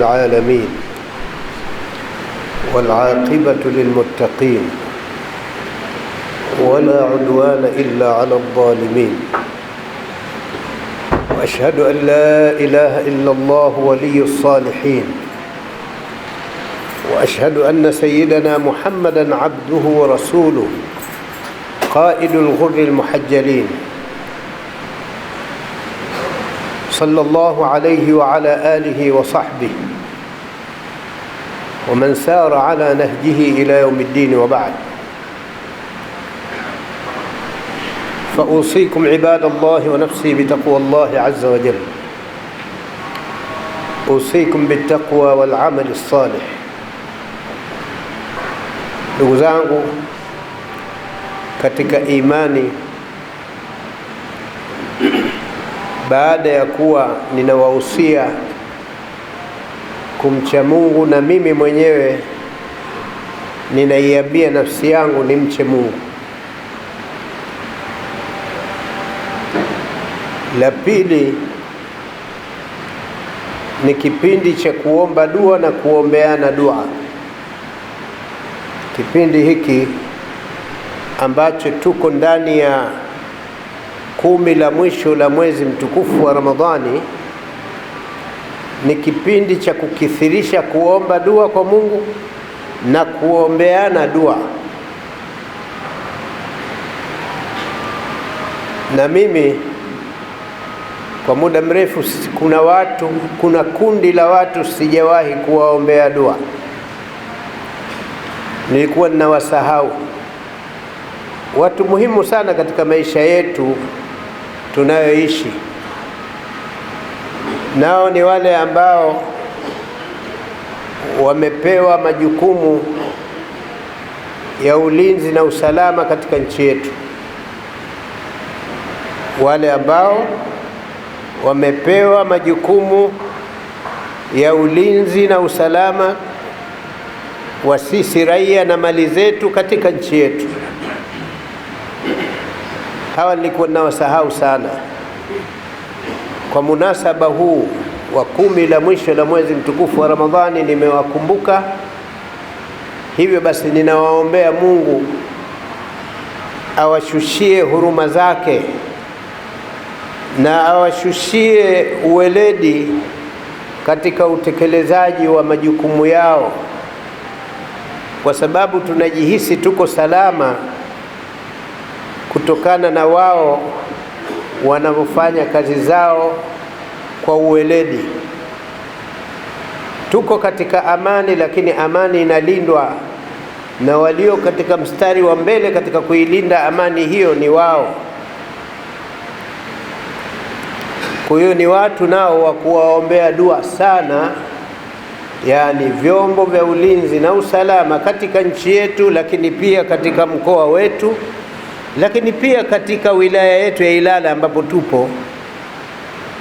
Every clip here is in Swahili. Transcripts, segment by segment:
العالمين والعاقبة للمتقين ولا عدوان إلا على الظالمين وأشهد أن لا إله إلا الله ولي الصالحين وأشهد أن سيدنا محمدا عبده ورسوله قائد الغر المحجلين صلى الله عليه وعلى آله وصحبه ومن سار على نهجه إلى يوم الدين وبعد فأوصيكم عباد الله ونفسي بتقوى الله عز وجل أوصيكم بالتقوى والعمل الصالح لغزانه كتك إيماني بعد يكوى لنواوصيه kumcha Mungu, na mimi mwenyewe ninaiambia nafsi yangu nimche Mungu. La pili ni kipindi cha kuomba dua na kuombeana dua. Kipindi hiki ambacho tuko ndani ya kumi la mwisho la mwezi mtukufu wa Ramadhani ni kipindi cha kukithirisha kuomba dua kwa Mungu na kuombeana dua. Na mimi kwa muda mrefu, kuna watu, kuna kundi la watu sijawahi kuwaombea dua, nilikuwa ninawasahau watu muhimu sana katika maisha yetu tunayoishi nao ni wale ambao wamepewa majukumu ya ulinzi na usalama katika nchi yetu, wale ambao wamepewa majukumu ya ulinzi na usalama wa sisi raia na mali zetu katika nchi yetu. Hawa nilikuwa nawasahau sana. Kwa munasaba huu wa kumi la mwisho la mwezi mtukufu wa Ramadhani nimewakumbuka, hivyo basi ninawaombea Mungu awashushie huruma zake na awashushie uweledi katika utekelezaji wa majukumu yao, kwa sababu tunajihisi tuko salama kutokana na wao wanavyofanya kazi zao kwa uweledi. Tuko katika amani, lakini amani inalindwa na walio katika mstari wa mbele katika kuilinda amani hiyo ni wao. Kwa hiyo ni watu nao wa kuwaombea dua sana, yaani vyombo vya ulinzi na usalama katika nchi yetu, lakini pia katika mkoa wetu. Lakini pia katika wilaya yetu ya Ilala ambapo tupo,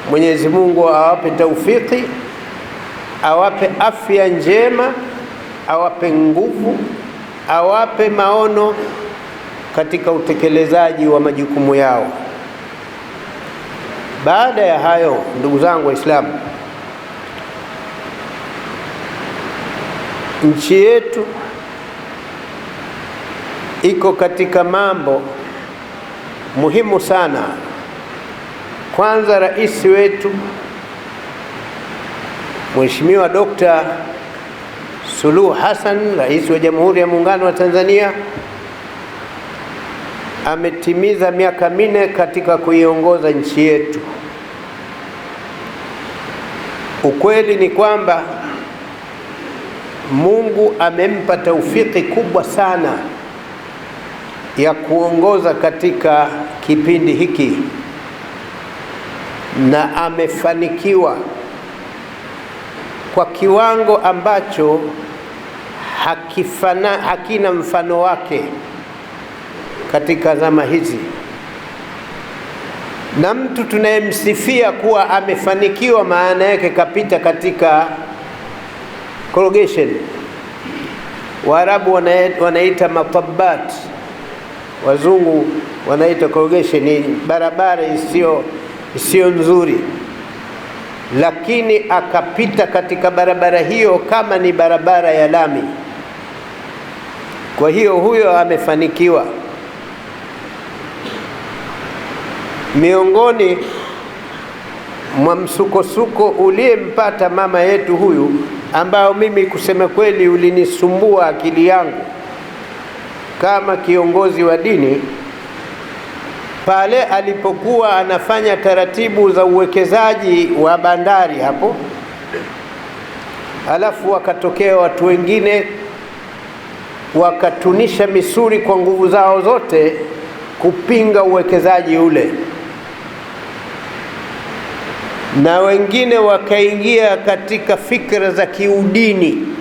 Mwenyezi Mungu awape taufiki, awape afya njema, awape nguvu, awape maono katika utekelezaji wa majukumu yao. Baada ya hayo, ndugu zangu Waislamu, nchi yetu iko katika mambo muhimu sana. Kwanza, rais wetu Mheshimiwa Dokta Suluhu Hassan, rais wa Jamhuri ya Muungano wa Tanzania, ametimiza miaka minne katika kuiongoza nchi yetu. Ukweli ni kwamba Mungu amempa taufiki kubwa sana ya kuongoza katika kipindi hiki na amefanikiwa kwa kiwango ambacho hakifana, hakina mfano wake katika zama hizi, na mtu tunayemsifia kuwa amefanikiwa, maana yake kapita katika corrugation. Waarabu wanaita matabat, wazungu wanaita Kogeshe ni barabara isiyo isiyo nzuri, lakini akapita katika barabara hiyo kama ni barabara ya lami. Kwa hiyo huyo amefanikiwa. Miongoni mwa msukosuko uliyempata mama yetu huyu, ambao mimi kusema kweli ulinisumbua akili yangu kama kiongozi wa dini pale alipokuwa anafanya taratibu za uwekezaji wa bandari hapo, alafu wakatokea watu wengine wakatunisha misuli kwa nguvu zao zote kupinga uwekezaji ule, na wengine wakaingia katika fikra za kiudini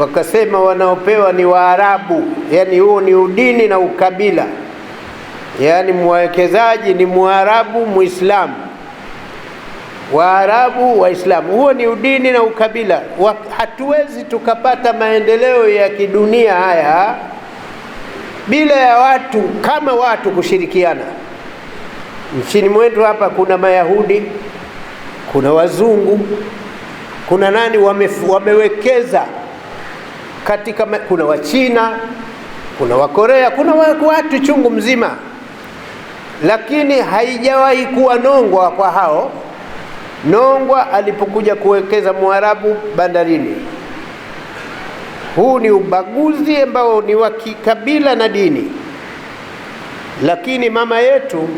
wakasema wanaopewa ni Waarabu, yani huo ni udini na ukabila, yani mwekezaji ni Mwarabu Muislamu, Waarabu Waislamu, huo ni udini na ukabila. Hatuwezi tukapata maendeleo ya kidunia haya bila ya watu kama watu kushirikiana. Nchini mwetu hapa kuna Mayahudi, kuna Wazungu, kuna nani wame, wamewekeza katika kuna Wachina, kuna Wakorea, kuna watu chungu mzima, lakini haijawahi kuwa nongwa kwa hao. Nongwa alipokuja kuwekeza Mwarabu bandarini. Huu ni ubaguzi ambao ni wa kikabila na dini, lakini mama yetu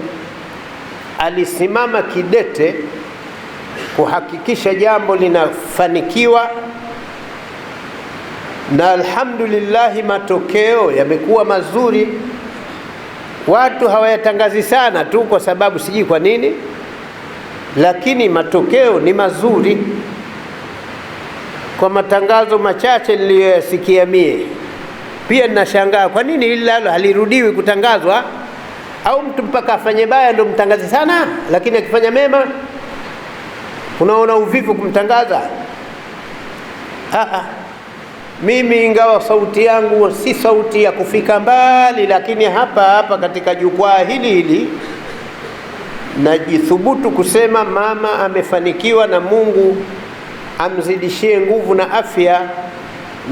alisimama kidete kuhakikisha jambo linafanikiwa na alhamdulillahi, matokeo yamekuwa mazuri. Watu hawayatangazi sana tu kwa sababu sijui kwa nini, lakini matokeo ni mazuri. Kwa matangazo machache niliyoyasikia mie, pia ninashangaa kwa nini hili lalo halirudiwi kutangazwa, au mtu mpaka afanye baya ndo mtangazi sana, lakini akifanya mema unaona uvivu kumtangaza. Aha. Ah. Mimi ingawa sauti yangu si sauti ya kufika mbali, lakini hapa hapa katika jukwaa hili hili najithubutu kusema mama amefanikiwa, na Mungu amzidishie nguvu na afya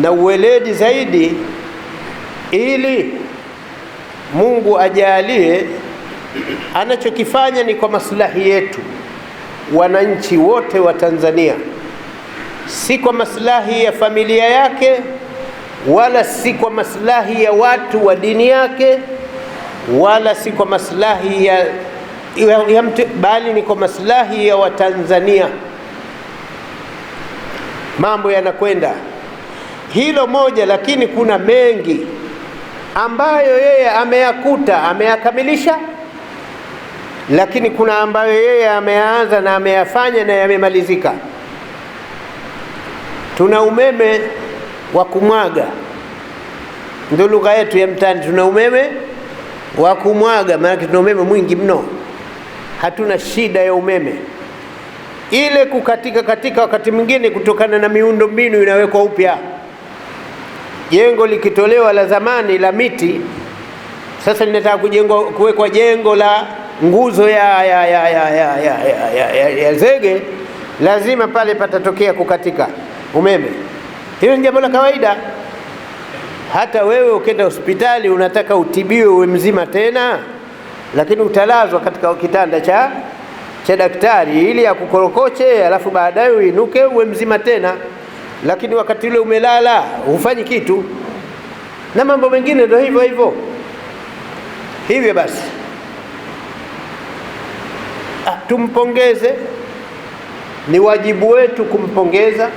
na uweledi zaidi, ili Mungu ajalie anachokifanya ni kwa maslahi yetu wananchi wote wa Tanzania si kwa maslahi ya familia yake wala si kwa maslahi ya watu wa dini yake wala si kwa maslahi ya, ya, ya mtu, bali ni kwa maslahi ya Watanzania. Mambo yanakwenda hilo moja, lakini kuna mengi ambayo yeye ameyakuta ameyakamilisha, lakini kuna ambayo yeye ameyaanza na ameyafanya na yamemalizika. Tuna umeme wa kumwaga, ndio lugha yetu ya mtaani. Tuna umeme wa kumwaga, maanake tuna umeme mwingi mno, hatuna shida ya umeme. Ile kukatika katika wakati mwingine kutokana na miundo mbinu inawekwa upya. Jengo likitolewa la zamani la miti, sasa linataka kujengwa kuwekwa jengo la nguzo ya, ya, ya, ya, ya, ya, ya, ya, ya zege, lazima pale patatokea kukatika umeme. Hilo ni jambo la kawaida. Hata wewe ukienda hospitali unataka utibiwe uwe mzima tena, lakini utalazwa katika kitanda cha cha daktari ili akukorokoche, alafu baadaye uinuke uwe mzima tena, lakini wakati ule umelala hufanyi kitu, na mambo mengine ndio hivyo hivyo. Hivyo basi ah, tumpongeze, ni wajibu wetu kumpongeza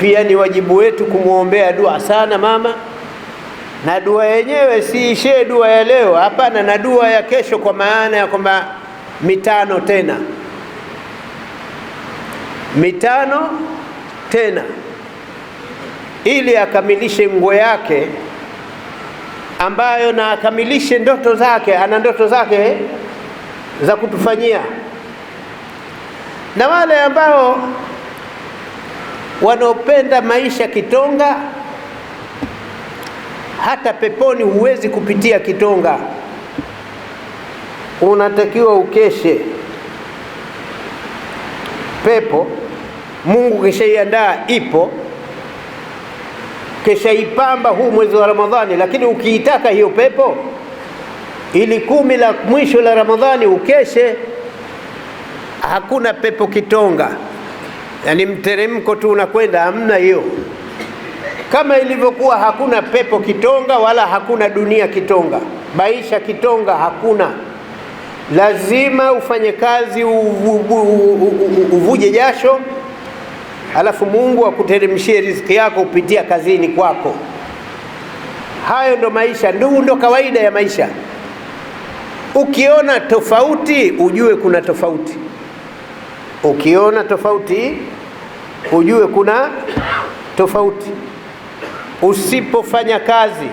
pia ni wajibu wetu kumwombea dua sana mama, na dua yenyewe si dua ya leo, hapana, na dua ya kesho, kwa maana ya kwamba mitano tena, mitano tena, ili akamilishe nguo yake ambayo na akamilishe ndoto zake. Ana ndoto zake za kutufanyia na wale ambao wanaopenda maisha kitonga, hata peponi huwezi kupitia kitonga, unatakiwa ukeshe. Pepo Mungu kishaiandaa, ipo kishaipamba huu mwezi wa Ramadhani, lakini ukiitaka hiyo pepo ili kumi la mwisho la Ramadhani ukeshe, hakuna pepo kitonga yani mteremko tu unakwenda, hamna hiyo. Kama ilivyokuwa hakuna pepo Kitonga wala hakuna dunia Kitonga, maisha Kitonga hakuna. Lazima ufanye kazi, uvuje jasho, alafu Mungu akuteremshie riziki yako kupitia kazini kwako. Hayo ndo maisha, ndugu, ndo kawaida ya maisha. Ukiona tofauti, ujue kuna tofauti. Ukiona tofauti ujue kuna tofauti. Usipofanya kazi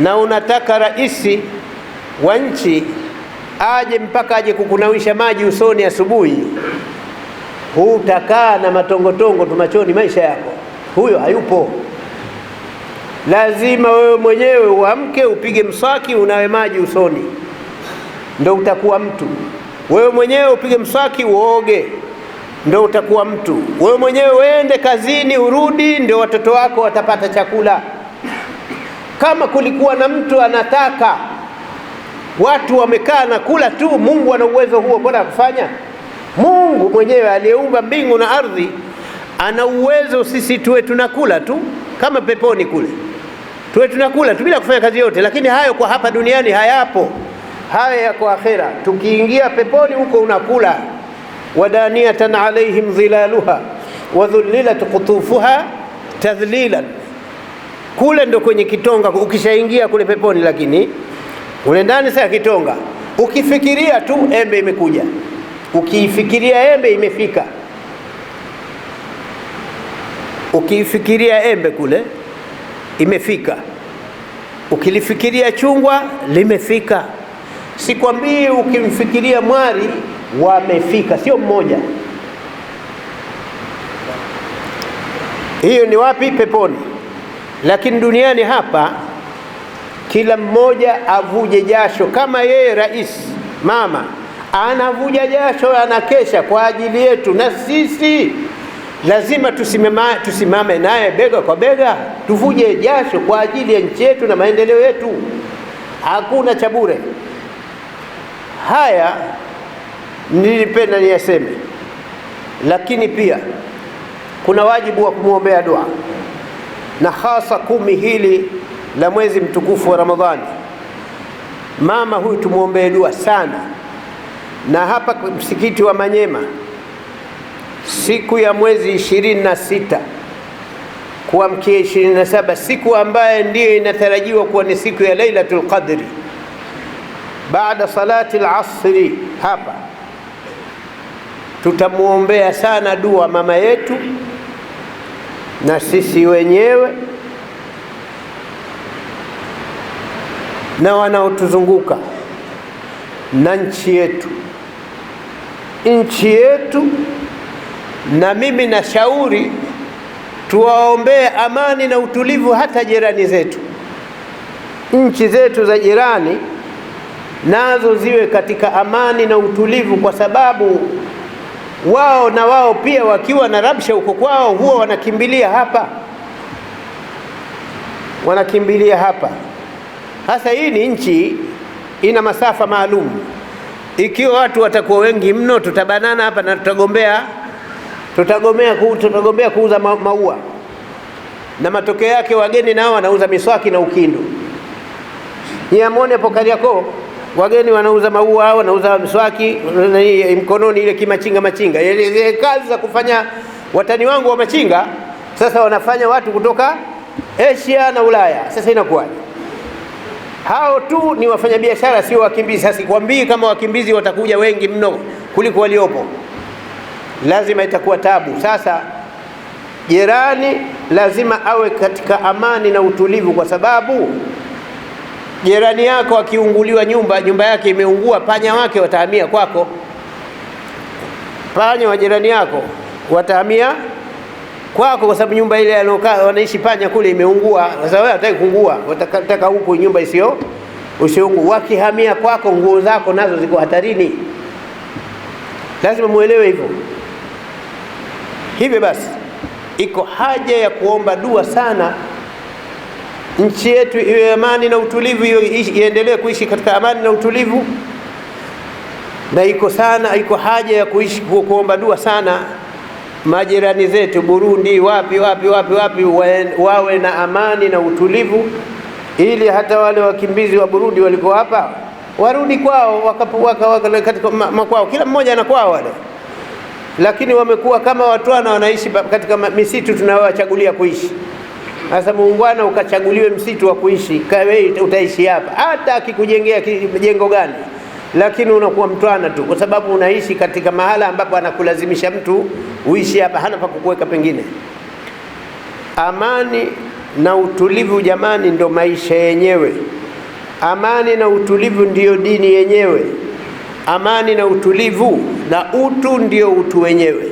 na unataka raisi wa nchi aje mpaka aje kukunawisha maji usoni asubuhi, hutakaa na matongotongo tu machoni maisha yako, huyo hayupo. Lazima wewe mwenyewe uamke, upige mswaki, unawe maji usoni, ndo utakuwa mtu. Wewe mwenyewe upige mswaki, uoge ndo utakuwa mtu wewe mwenyewe, uende kazini urudi, ndio watoto wako watapata chakula. Kama kulikuwa na mtu anataka watu wamekaa na kula tu, Mungu ana uwezo huo, mbona akufanya? Mungu mwenyewe aliyeumba mbingu na ardhi ana uwezo sisi tuwe tunakula tu kama peponi kule, tuwe tunakula tu bila kufanya kazi yote. Lakini hayo kwa hapa duniani hayapo, haya yako akhera. Tukiingia peponi huko unakula wadaniatan alaihim dhilaluha wadhulilat qutufuha tadhlilan. Kule ndo kwenye kitonga, ukishaingia kule peponi. Lakini kule ndani saa kitonga, ukifikiria tu embe imekuja, ukiifikiria embe imefika, ukiifikiria embe kule imefika, ukilifikiria chungwa limefika. Sikwambii ukimfikiria mwari wamefika, sio mmoja. Hiyo ni wapi? Peponi. Lakini duniani hapa kila mmoja avuje jasho kama yeye rais mama anavuja jasho, anakesha kwa ajili yetu, na sisi lazima tusimama, tusimame naye bega kwa bega, tuvuje jasho kwa ajili ya nchi yetu na maendeleo yetu. Hakuna cha bure. Haya nilipenda niyaseme, lakini pia kuna wajibu wa kumwombea dua, na hasa kumi hili la mwezi mtukufu wa Ramadhani. Mama huyu tumwombee dua sana, na hapa msikiti wa Manyema siku ya mwezi ishirini na sita kuamkia ishirini na saba siku ambayo ndiyo inatarajiwa kuwa ni siku ya Lailatul Qadri baada salati al-asri hapa tutamwombea sana dua mama yetu na sisi wenyewe na wanaotuzunguka na nchi yetu, nchi yetu. Na mimi na shauri tuwaombee amani na utulivu hata jirani zetu, nchi zetu za jirani nazo ziwe katika amani na utulivu, kwa sababu wao na wao pia wakiwa na rabsha huko kwao huwa wanakimbilia hapa, wanakimbilia hapa. Hasa hii ni nchi ina masafa maalum. Ikiwa watu watakuwa wengi mno, tutabanana hapa na tutagombea, tutagombea, tutagombea kuuza maua, na matokeo yake wageni nao wanauza miswaki na ukindu. Niamwone hapo Kariakoo wageni wanauza maua, wanauza mswaki mkononi, ile kimachinga machinga, ile kazi za kufanya watani wangu wa machinga. Sasa wanafanya watu kutoka Asia na Ulaya. Sasa inakuwaje? Hao tu ni wafanyabiashara, sio wakimbizi. Sasa sikwambii kama wakimbizi watakuja wengi mno kuliko waliopo, lazima itakuwa tabu. Sasa jirani lazima awe katika amani na utulivu, kwa sababu Jirani yako akiunguliwa nyumba, nyumba yake imeungua, panya wake watahamia kwako. Panya wa jirani yako watahamia kwako, kwa sababu nyumba ile aliyokaa wanaishi panya kule imeungua. Sasa wewe hataki kuungua, unataka huko nyumba isiyo usiungu. Wakihamia kwako, nguo zako nazo ziko hatarini. Lazima muelewe hivyo. Hivyo basi iko haja ya kuomba dua sana nchi yetu iwe amani na utulivu, iendelee kuishi katika amani na utulivu. Na iko sana, iko haja ya kuishi kuomba dua sana majirani zetu Burundi, wapi wapi wapi wapi, wawe na amani na utulivu, ili hata wale wakimbizi wa Burundi waliko hapa warudi kwao, wakapuwaka katika makwao, kila mmoja na kwao wale. Lakini wamekuwa kama watwana, wanaishi katika misitu tunayowachagulia kuishi. Sasa muungwana ukachaguliwe msitu wa kuishi, kawe utaishi hapa, hata akikujengea jengo gani, lakini unakuwa mtwana tu, kwa sababu unaishi katika mahala ambapo anakulazimisha mtu uishi hapa, hana pa kukuweka pengine. Amani na utulivu, jamani, ndo maisha yenyewe. Amani na utulivu ndiyo dini yenyewe. Amani na utulivu na utu ndio utu wenyewe.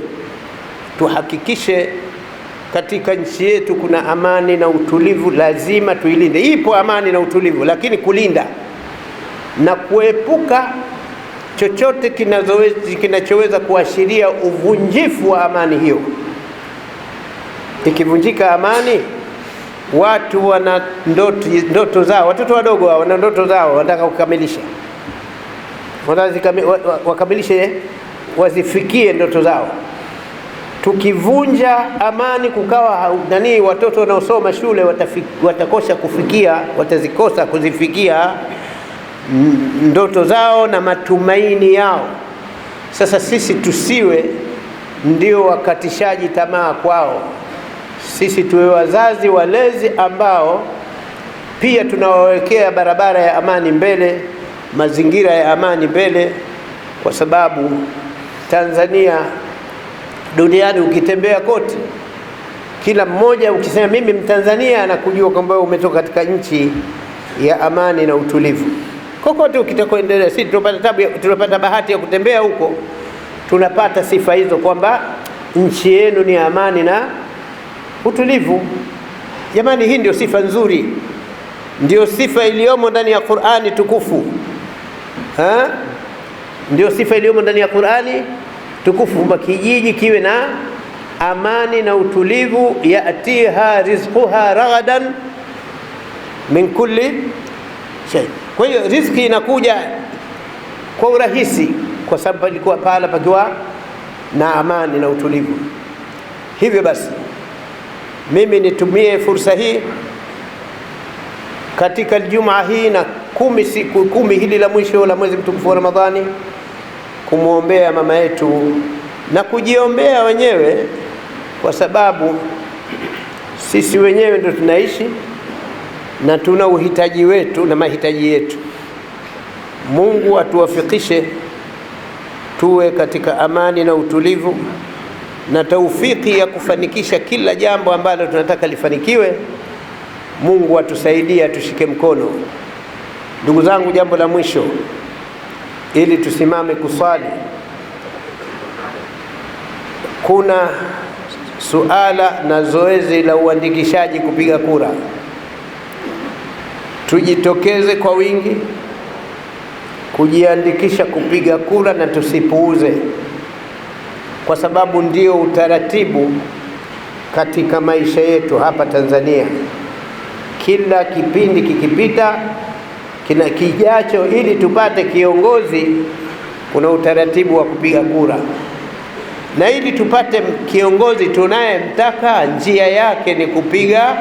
Tuhakikishe katika nchi yetu kuna amani na utulivu, lazima tuilinde. Ipo amani na utulivu, lakini kulinda na kuepuka chochote kinachoweza kuashiria uvunjifu wa amani hiyo. Ikivunjika amani, watu wana ndoto, ndoto zao, watoto wadogo wana ndoto zao, wanataka kukamilisha, wakamilishe, eh? wazifikie ndoto zao tukivunja amani kukawa nani, watoto wanaosoma shule watafik, watakosa kufikia watazikosa kuzifikia ndoto zao na matumaini yao. Sasa sisi tusiwe ndio wakatishaji tamaa kwao, sisi tuwe wazazi walezi ambao pia tunawawekea barabara ya amani mbele, mazingira ya amani mbele, kwa sababu Tanzania duniani ukitembea kote, kila mmoja ukisema mimi Mtanzania, anakujua kwamba umetoka katika nchi ya amani na utulivu. Kokote ukitakoendelea, sisi tunapata bahati ya kutembea huko, tunapata sifa hizo kwamba nchi yenu ni amani na utulivu. Jamani, hii ndio sifa nzuri, ndio sifa iliyomo ndani ya Qur'ani tukufu ha? Ndio sifa iliyomo ndani ya Qur'ani tukufu kwamba kijiji kiwe na amani na utulivu. Yatiha rizquha raghadan min kulli shay, kwa hiyo riziki inakuja kwa urahisi, kwa sababu palikuwa pahala pakiwa na amani na utulivu. Hivyo basi mimi nitumie fursa hii katika Ijumaa hii na kumi siku kumi hili la mwisho la mwezi mtukufu wa Ramadhani kumwombea mama yetu na kujiombea wenyewe, kwa sababu sisi wenyewe ndio tunaishi na tuna uhitaji wetu na mahitaji yetu. Mungu atuwafikishe tuwe katika amani na utulivu na taufiki ya kufanikisha kila jambo ambalo tunataka lifanikiwe. Mungu atusaidie, atushike mkono. Ndugu zangu, jambo la mwisho ili tusimame kuswali. Kuna suala na zoezi la uandikishaji kupiga kura. Tujitokeze kwa wingi kujiandikisha kupiga kura na tusipuuze, kwa sababu ndio utaratibu katika maisha yetu hapa Tanzania. Kila kipindi kikipita kina kijacho, ili tupate kiongozi, kuna utaratibu wa kupiga kura, na ili tupate kiongozi tunayemtaka, njia yake ni kupiga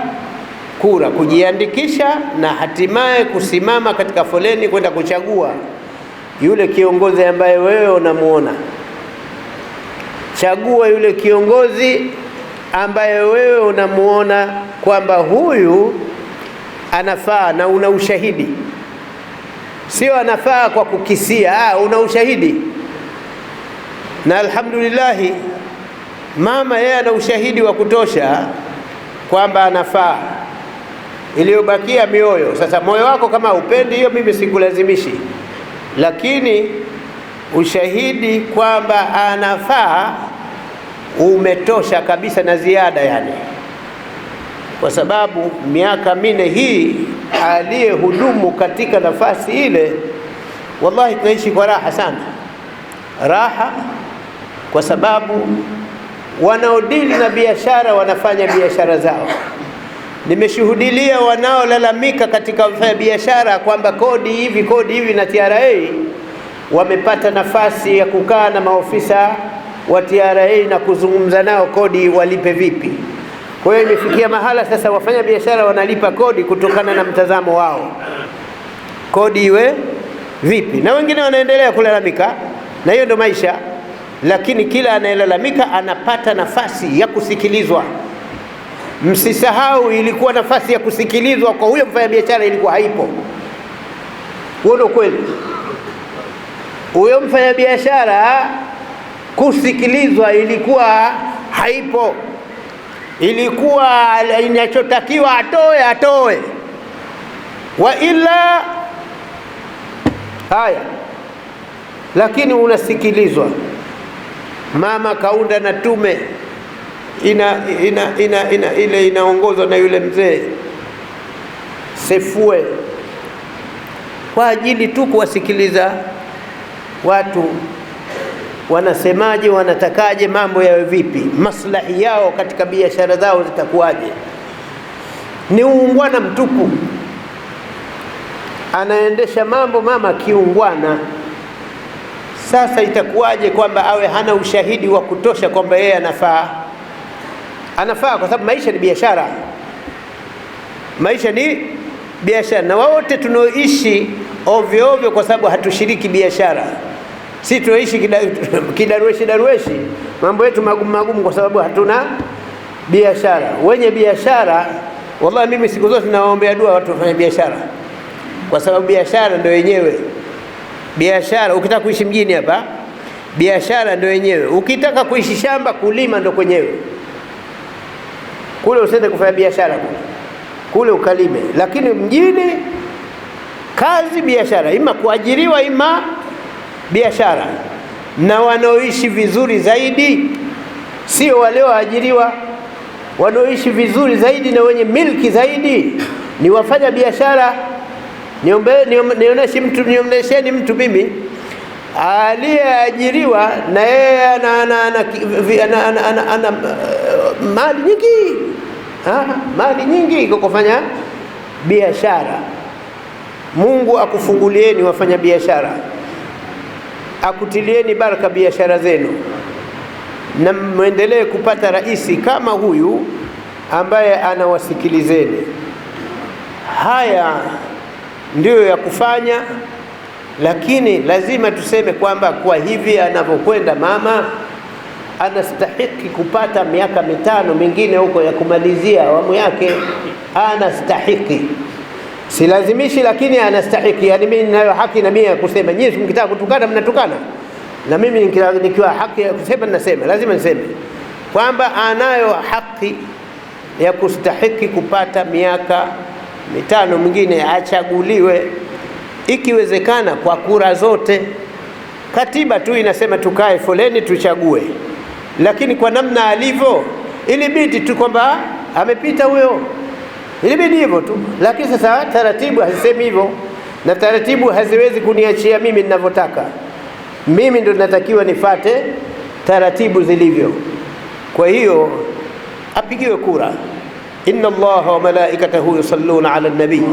kura, kujiandikisha, na hatimaye kusimama katika foleni kwenda kuchagua yule kiongozi ambaye wewe unamuona. Chagua yule kiongozi ambaye wewe unamuona kwamba huyu anafaa na una ushahidi sio anafaa kwa kukisia. Aa, ah, una ushahidi na alhamdulillah, mama yeye ana ushahidi wa kutosha kwamba anafaa. Iliyobakia mioyo sasa. Moyo wako kama upendi hiyo, mimi sikulazimishi, lakini ushahidi kwamba anafaa umetosha kabisa na ziada yani kwa sababu miaka mine hii aliyehudumu katika nafasi ile, wallahi tunaishi kwa raha sana, raha kwa sababu wanaodili na biashara wanafanya biashara zao. Nimeshuhudilia wanaolalamika katika wafanya biashara kwamba kodi hivi kodi hivi na TRA, wamepata nafasi ya kukaa na maofisa wa TRA na kuzungumza nao kodi walipe vipi. Kwa hiyo imefikia mahala sasa wafanya biashara wanalipa kodi kutokana na mtazamo wao, kodi iwe vipi, na wengine wanaendelea kulalamika, na hiyo ndio maisha. Lakini kila anayelalamika anapata nafasi ya kusikilizwa. Msisahau, ilikuwa nafasi ya kusikilizwa kwa huyo mfanyabiashara ilikuwa haipo. Huo ndio kweli. Huyo mfanyabiashara kusikilizwa ilikuwa haipo ilikuwa inachotakiwa atoe atoe, wa ila haya. Lakini unasikilizwa, mama kaunda na tume ina, ina, ina, ina, ile inaongozwa na yule mzee Sefue kwa ajili tu kuwasikiliza watu wanasemaje, wanatakaje, mambo yawe vipi, maslahi yao katika biashara zao zitakuwaje. Ni uungwana mtupu, anaendesha mambo mama kiungwana. Sasa itakuwaje kwamba awe hana ushahidi wa kutosha kwamba yeye anafaa? Anafaa kwa sababu maisha ni biashara, maisha ni biashara, na wote tunaoishi ovyo ovyo kwa sababu hatushiriki biashara Si tuishi kidarueshi darueshi mambo yetu magumu magumu, kwa sababu hatuna biashara. Wenye biashara, wallahi, mimi siku zote nawaombea dua watu wafanye biashara, kwa sababu biashara ndio yenyewe. Biashara ukitaka kuishi mjini hapa, biashara ndio yenyewe. Ukitaka kuishi shamba, kulima ndio kwenyewe. Kule usiende kufanya biashara kule, kule ukalime. Lakini mjini kazi, biashara, ima kuajiriwa, ima biashara, na wanaoishi vizuri zaidi sio walioajiriwa. Wanaoishi vizuri zaidi na wenye milki zaidi ni wafanya biashara. Nionyesheni mtu, nionyesheni mtu mimi aliyeajiriwa na yeye ana uh, mali nyingi, mali nyingi kwa kufanya biashara. Mungu akufungulieni wafanya biashara akutilieni baraka biashara zenu, na mwendelee kupata raisi kama huyu ambaye anawasikilizeni. Haya ndiyo ya kufanya, lakini lazima tuseme kwamba kwa hivi anavyokwenda mama anastahiki kupata miaka mitano mingine huko ya kumalizia awamu yake, anastahiki silazimishi, lakini anastahiki. Yani mimi ninayo haki na mimi ya kusema. Nyinyi mkitaka kutukana mnatukana, na mimi nikiwa haki ya kusema ninasema. Lazima niseme kwamba anayo haki ya kustahiki kupata miaka mitano mingine, achaguliwe ikiwezekana kwa kura zote. Katiba tu inasema tukae foleni tuchague, lakini kwa namna alivyo ilibidi tu kwamba amepita huyo ilibidi hivyo tu, lakini sasa taratibu hazisemi hivyo, na taratibu haziwezi kuniachia mimi ninavyotaka. Mimi ndo natakiwa nifate taratibu zilivyo. Kwa hiyo apigiwe kura, inna Allaha wa malaikatahu yusalluna ala nabii.